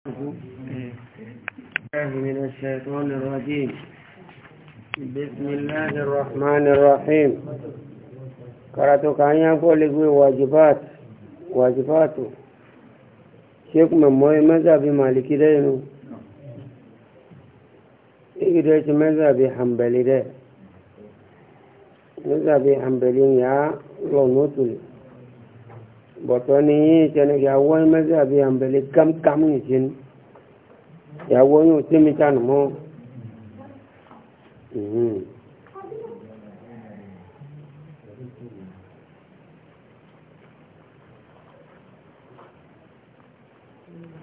الله من الشيطان الرجيم بسم الله الرحمن الرحيم قرأتك أن يقول لك واجبات واجبات شيخ من موي مذهب مالكي دينو إيجدت مذهب حنبلي ده مذهب حنبلي يا لونوتلي bọ̀tọ́ ni yín tẹnu ìyàwó mẹ́sẹ̀ àbí àǹbẹ̀lẹ̀ kámkámù nìṣẹ́ ni ìyàwó yóò tẹ́ mi tànù mọ́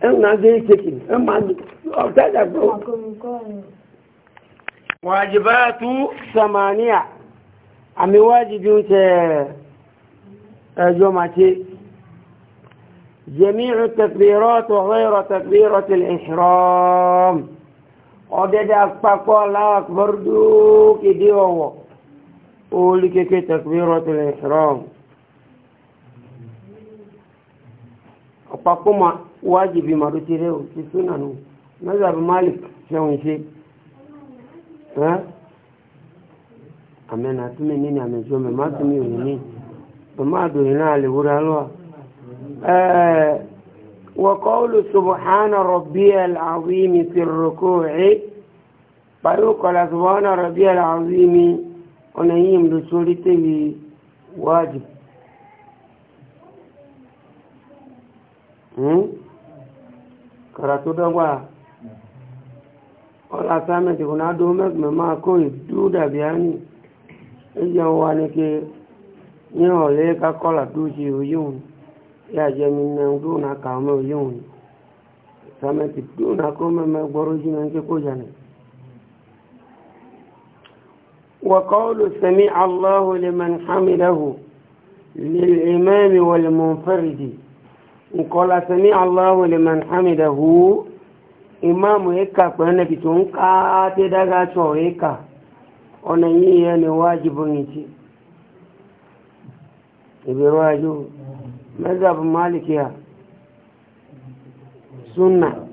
ẹ̀ ń nàgé ìṣèkì ẹ̀ máa ọ̀tá ìdàgbọ́. wàjibáàtú samaniya àmì wájibi ń tẹ ẹjọ́ màtí. جميع التكبيرات وغير تكبيرة الإحرام أدد أكبر الله أكبر دوك ديوه أولك تكبيرة الإحرام أكبر ما واجب ما رتيره في سننه ماذا بمالك شون شيء ها أمين أتمنى أمين شو ما أتمنى أمين وما أدري نالي ورا الله وقول سبحان ربي العظيم في الركوع فيقول سبحان ربي العظيم ونعيم لسورته واجب karatu dɔgba ɔlɔ asamɛti kò náà dùn mɛgbɛ máa kó ìdú dàbí ánì ìjẹun wa ni ké ní ọ̀lẹ́ kakọ́là tó ṣe òyìnbó ya jami nan duna kama yin samati duna kuma mai gwaro jinan ke koja ne wa qawlu sami allahu liman hamidahu lil imam wal munfarid qala sami allahu liman hamidahu imam eka pe na bi tun ka te daga cho eka ona yi ne wajibun yi ci ibiro ajo مذهب مالك يا سنة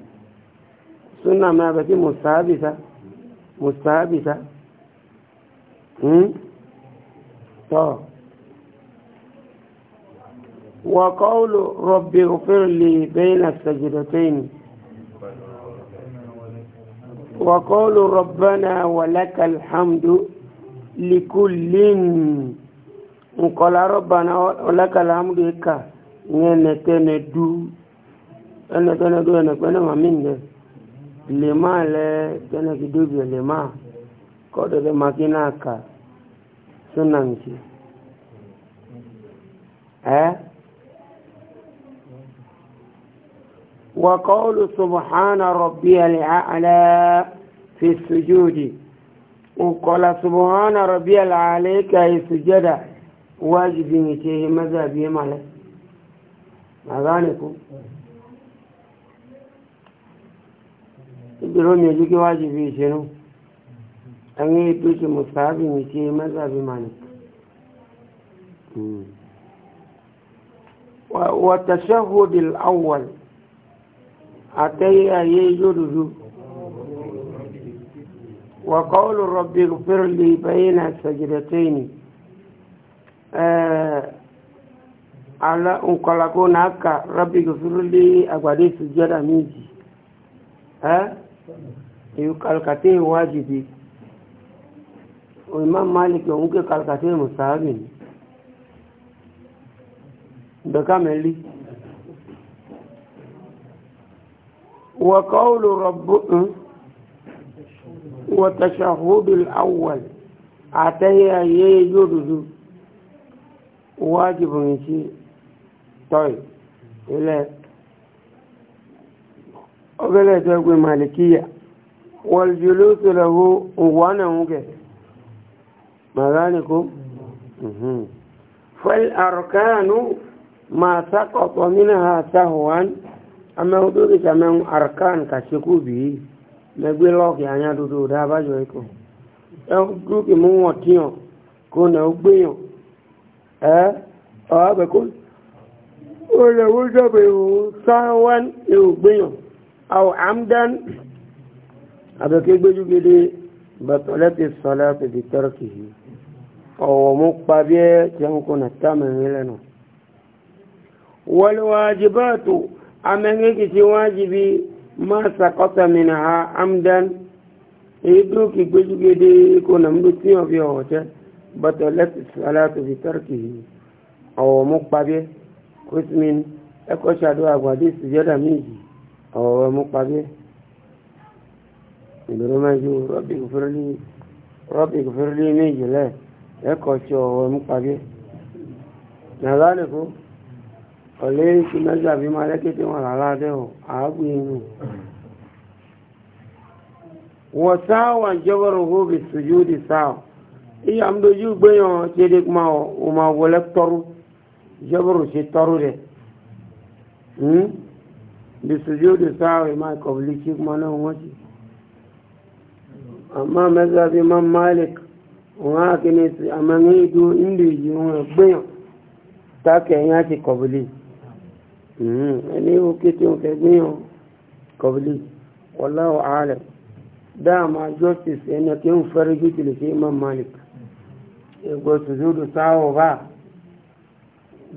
سنة ما بتي مستهبسة مستهبسة وقول ربي اغفر لي بين السجدتين وقول ربنا ولك الحمد لكل قال ربنا ولك الحمد لكل yenekene du enekene du enekene maminde lema le kene kidubio lema kodole makinaka sunanchi eh وقول سبحان ربي الأعلى في السجود وقال سبحان ربي العليك السجدة واجب نتيه مذهب يمالك na gane ku ibiro mai jiki wajibi ce nu an yi tuki musabi mai ce mazabi malik hmm. wata shahudil awwal a ta yi a wa kawulun rabbi gufir li bayyana sajidataini eh, ala nkwalako na aka rabbi gafuruli agbade sujada meji eh iyu kalkate wajibi o imam malik yau nke kalkate musahabi ne da kamali wa qawlu rabbu hmm? wa tashahhudul awwal atayya yajuzu wajibun shi sorry ilẹ̀ ọbẹ̀lẹ̀ tó gbé malikiya wọ́ljú ló tó lọ́wọ́ òwò náà ń kẹ̀ màgánìkó fẹ́l àrùkánú máa sákọ̀tọ̀ nínú ha sáhùwán amẹ́wò tó kìí sàmẹ́wò àrùkán kàṣekú bìí mẹ́gbé lọ́ọ̀kì àyà dúdú dábàjọ́ ikọ̀ ẹ dúkì mú wọ̀n tíyàn kó nà ó gbéyàn ẹ ọ̀ ó lè wó jọba ìwò sáwọn ìwò gbìyàn àwọ̀ amdan àbẹ̀kẹ́ gbẹ́júgbẹ́dẹ́ bàtọ̀lẹ́tì sọlá pẹ̀lú tọ́rọ̀kì yìí ọ̀wọ̀ mú pa bí ẹ jẹ́ ń kọ́nà támẹ̀rin lẹ́nu wọlúwàjibáàtò amẹ́ngẹ́kì tí wájibi máa sàkọ́tà mìíràn ha amdan èyí tó kì gbẹ́júgbẹ́dẹ́ kọ́nà mú tí wọ́n fi ọ̀wọ̀ tẹ́ which mean ẹkọ́ ṣàdúrà àgbàdì ìsìjọ́dà méjì ọ̀rọ̀ mú pàdé ìgbèrò máa ju rọ́bì kòfẹ́rẹ́lì méjì lẹ́ ẹkọ́ ṣe ọ̀rọ̀ mú pàdé nàlálẹ́kọ́ ọ̀lẹ́ ìṣù mẹ́jọ àbí máa lẹ́kẹ́tẹ́ wọn àládẹ́ ọ̀ àágbé inú wọ́n sáwọn jẹ́wọ́rọ̀ hóbi sùjú di sáà ìyàmdójú gbéyàn ṣe dé kúmọ̀ ọmọ wọlé tọrọ jọ́bùrù ṣe tọ́rù rẹ̀ bisujú de sáwọ̀ ìmá ìkọ̀bùlì ṣe mọ́ náà wọ́n sí àmá mẹ́ta bí má malik wọ́n á kí ní sí àmàní ìdú ìlú yìí wọ́n gbéyàn táàkì ẹ̀yìn àti kọ̀bùlì ẹni ó ké tí ó fẹ́ gbéyàn kọ̀bùlì wọ́láwọ̀ ààrẹ dáàmà justice ẹni kí ń fẹ́rẹ́ jù tìlẹ̀ sí má malik ẹgbẹ́ sùjú de sáwọ̀ báà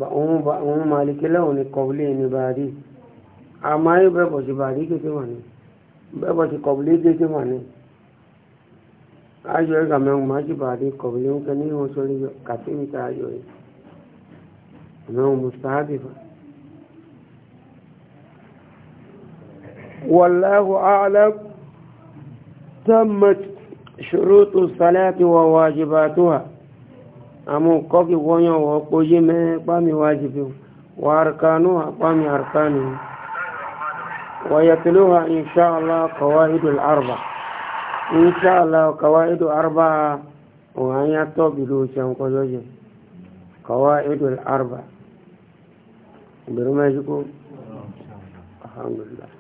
òun màlìkí lẹ́wọ̀n ni kọ̀bílì ni bàárí àmọ́ ayé bẹ́bọ̀ sí bàárí kété wà ní bẹ́bọ̀ sí kọ̀bílì kété wà ní ayọ̀ ẹ̀gà mẹ́wọ̀n máa sí bàárí kọ̀bílì ń kẹ́ ní ìwọ̀n sórí kàtíwìtà ayọ̀ yìí mẹ́wọ̀n mùsàábì fún والله أعلم تمت شروط الصلاة وواجباتها amu koki wonyo wo poji me pami wajibu wa arkanu pami arkani wa yatluha insha Allah qawaidul arba insha Allah qawaidu arba wa ya to bilu chan ko yoje qawaidul arba birma jiko alhamdulillah